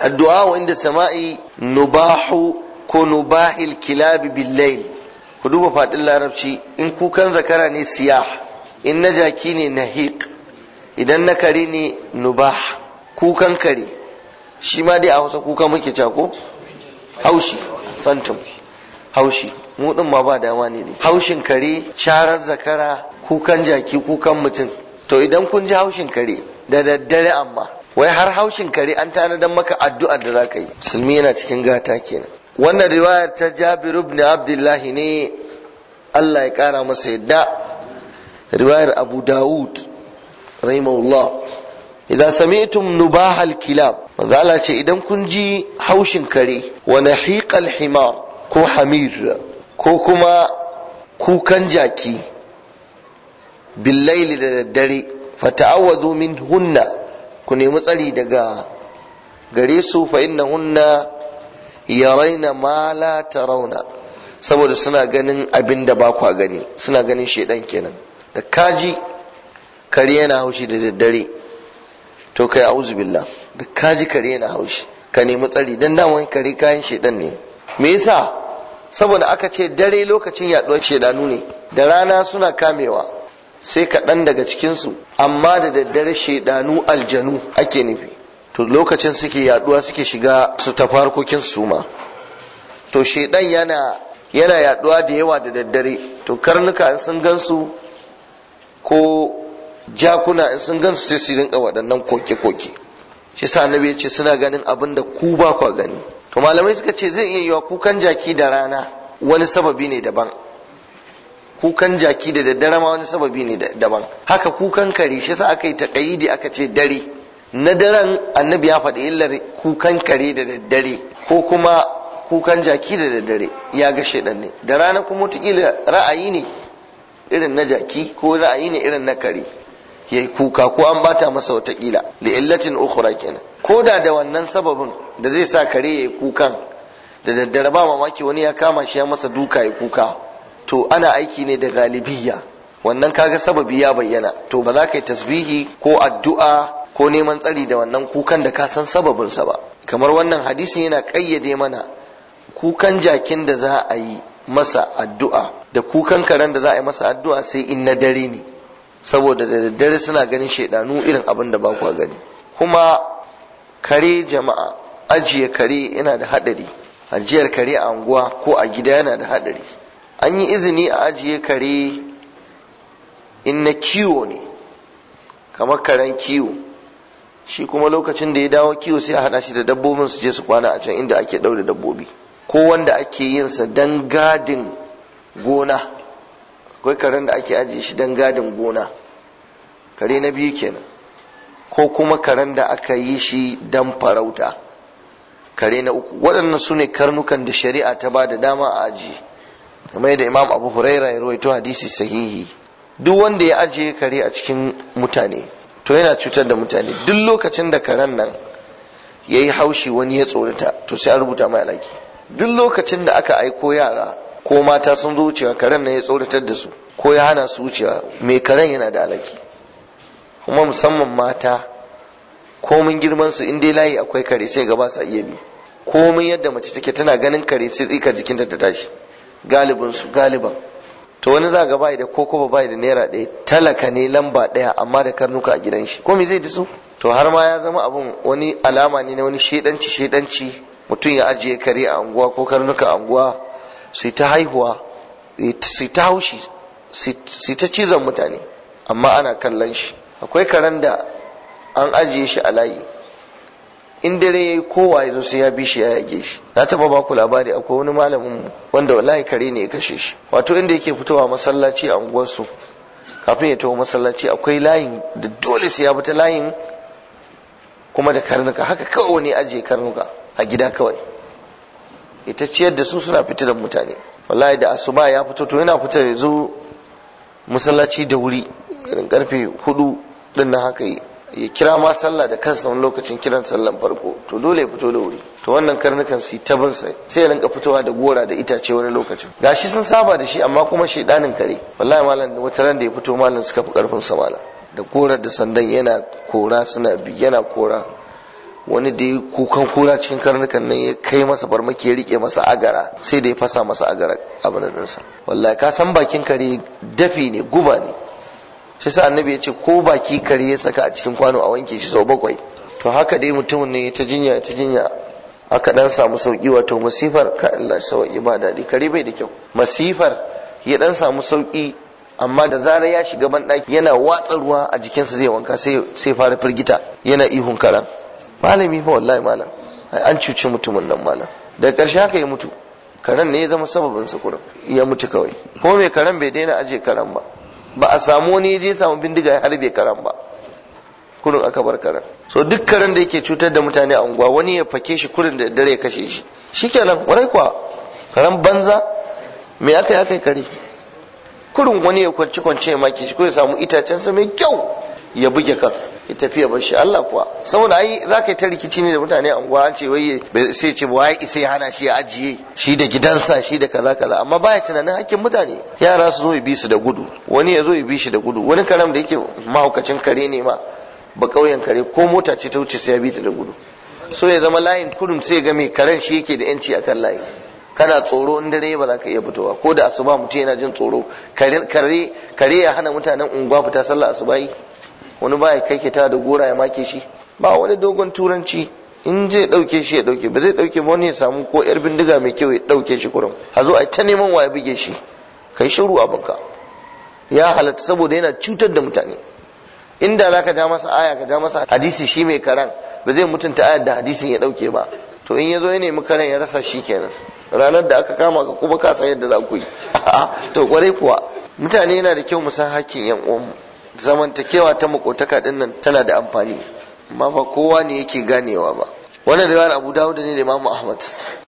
addu'a inda sama'i nubahu ko nubahil kilabi billayl ku duba faɗin larabci in kukan zakara ne siya. in na jaki ne nahiq idan na kare ne nubah kukan kare shi ma dai a hausa kuka muke cako haushi santum haushi mu din ma ba dama ne haushin kare charar zakara kukan jaki kukan mutum to idan kun ji haushin kare da daddare amma wai har haushin kare an tanadan maka addu'a da za ka yi musulmi yana cikin gata kenan wannan riwaya ta Jabir ibn Abdullahi ne Allah ya kara masa yadda riwayar Abu Dawud rahimahullah idza sami'tum nubah al-kilab manzo Allah ce idan kun ji haushin kare wa nahiq al ko hamir ko kuma kukan jaki billaili da daddare min hunna ku nemi tsari daga gare su fa ya raina ma la rauna. saboda suna ganin abin da ba kwa gani suna ganin shedan kenan da kaji kare yana haushi da daddare to kai a'udhu billah da kaji kare yana haushi ka nemi tsari dan wani kare kayan shedan ne me yasa saboda aka ce dare lokacin yaduwar shedanu ne da rana suna kamewa sai kaɗan daga cikinsu amma da daddare shaidanu aljanu ake nufi to lokacin suke yaduwa suke shiga su tafi harkokin su ma to shaidan yana yana yaduwa da yawa da daddare to karnuka in sun gansu ko jakuna in sun gansu sai su rinka waɗannan koke-koke shi sa annabi ya ce suna ganin abin da ku ba kwa gani to malamai suka ce zai iya yiwa kukan jaki da rana wani sababi ne daban kukan jaki da daddare ma wani sababi ne daban haka kukan kare shi sa aka yi taƙayidi aka ce dare na daren annabi ya faɗi illar kukan kare da daddare ko kuma kukan jaki da daddare ya ga shaidan ne da rana kuma wataƙila ra'ayi ne irin na jaki ko ra'ayi ne irin na kare yayi kuka ko an bata masa wataƙila li illatin ukhra kenan ko da da wannan sababin da zai sa kare yayi kukan da daddare ba mamaki wani ya kama shi ya masa duka ya kuka to ana aiki ne da galibiyya wannan kaga sababi ya bayyana to ba za ka yi tasbihi ko addu'a ko neman tsari da wannan kukan da ka san sababinsa ba kamar wannan hadisi yana ƙayyade mana kukan jakin da za a yi masa addu'a da kukan karen da za a yi masa addu'a sai in na dare ne saboda da daddare suna ganin shaidanu irin abin da ba ku gani kuma kare jama'a ajiye kare yana da haɗari ajiyar kare a unguwa ko a gida yana da haɗari an yi izini a ajiye kare in na kiwo ne kamar karen kiwo shi kuma lokacin da ya dawo kiwo sai a hada shi da dabbobin su je su kwana a can inda ake daure dabbobi ko wanda ake yin sa dan gadin gona akwai karen da ake ajiye shi dan gadin gona kare na biyu kenan ko kuma karen da aka yi shi dan farauta kare na uku waɗannan su ne karnukan da shari'a ta ba da dama a ajiye kamar yadda imam abu huraira ya ruwaito hadisi sahihi duk wanda ya ajiye kare a cikin mutane to yana cutar da mutane duk lokacin da karen nan ya yi haushi wani ya tsorata to sai an rubuta mai alaki duk lokacin da aka aiko yara ko mata sun zo wucewa karen nan ya tsoratar da su ko ya hana su wucewa mai karen yana da alaki kuma musamman mata komin girman su in dai layi akwai kare sai gaba sa iya bi komin yadda mace take tana ganin kare sai tsika jikinta ta tashi galibinsu galiban to wani za ga bai da koko ba bai da naira ɗaya talaka ne lamba ɗaya amma da karnuka a gidan shi ko me zai disu to har ma ya zama abun wani alama ne na wani shedanci shedanci mutum ya ajiye kare a anguwa ko karnuka a anguwa su ta haihuwa su ta haushi su ta cizon mutane amma ana kallon shi akwai karen da an ajiye shi a layi in dare yi kowa ya zo sai ya bi shi ya yage shi na taba ba ku labari akwai wani malamin mu wanda wallahi kare ne ya kashe shi wato inda yake fitowa masallaci a unguwarsu kafin ya taho masallaci akwai layin da dole sai ya fita layin kuma da karnuka haka kawai wani ajiye karnuka a gida kawai ita ciyar da su suna da mutane wallahi da asuba ya fito to yana fita ya zo masallaci da wuri irin karfe hudu din na haka yi ya kira ma sallah da kansa wani lokacin kiran sallan farko to dole ya fito da wuri to wannan karnukan su ta bin sai sai rinka fitowa da gora da itace wani lokacin gashi sun saba da shi amma kuma shedanin kare wallahi malam wata ran da ya fito malam suka fi karfin sa malam da gora da sandan yana kora suna bi yana kora wani da ya kukan kora cikin karnukan nan ya kai masa farmaki ya rike masa agara sai da ya fasa masa agara abin da wallahi ka san bakin kare dafi ne guba ne shi sa annabi ya ce ko baki kare ya saka a cikin kwano a wanke shi sau bakwai to haka dai mutumin ne ta jinya ta jinya aka dan samu sauki wato masifar ka Allah sauki ba daɗi kare bai da kyau masifar ya dan samu sauki amma da zarar ya shiga ban yana watsa ruwa a jikinsa zai wanka sai fara firgita yana ihun karan malami fa wallahi malam an cuci mutumin nan malam da ƙarshe haka ya mutu karen ne ya zama sababin sukurin ya mutu kawai ko mai karen bai daina aje karen ba ba a samu wani je samu bindiga ya harbe karan ba kurin aka bar karan so duk karan da yake cutar da mutane a unguwa wani ya fake shi kurin da dare ya kashe shi shikenan warai kuwa karan banza me aka yi aka yi kare kurin wani ya kwanci kwanci ya maki shi ko ya samu itacensa mai kyau ya buge kan ya tafiya ba shi Allah kuwa saboda ai za ka yi ta rikici ne da mutane unguwa an ce wai sai ce wai sai hana shi ya ajiye shi da gidansa shi da kaza kaza amma baya tunanin hakkin mutane yara su zo ya bi su da gudu wani ya zo ya bi shi da gudu wani karam da yake mahaukacin kare ne ma ba kauyen kare ko mota ce ta wuce sai ya bi ta da gudu so ya zama layin kurum sai ga mai karen shi yake da yanci akan layi kana tsoro in dare ba za ka iya fitowa ko da asuba mutum yana jin tsoro kare ya hana mutanen unguwa fita sallah asuba yi wani ba baya kai ta da gora ya make shi ba wani dogon turanci in zai dauke shi ya dauke ba zai dauke ba wani ya samu ko yar bindiga mai kyau ya dauke shi kurum a zo a ta neman wa ya buge shi kai shiru abinka ya halatta saboda yana cutar da mutane inda za ka ja masa aya ka ja masa hadisi shi mai karan ba zai mutunta ayar da hadisin ya dauke ba to in ya zo ya nemi karan ya rasa shi kenan ranar da aka kama ka kuma ka san yadda za ku yi to kwarai kuwa mutane yana da kyau mu san hakkin yan uwanmu zamantakewa ta makotaka din nan tana da amfani amma ba kowa ne yake ganewa ba wannan riwayar Abu Dawud ne da Imam Ahmad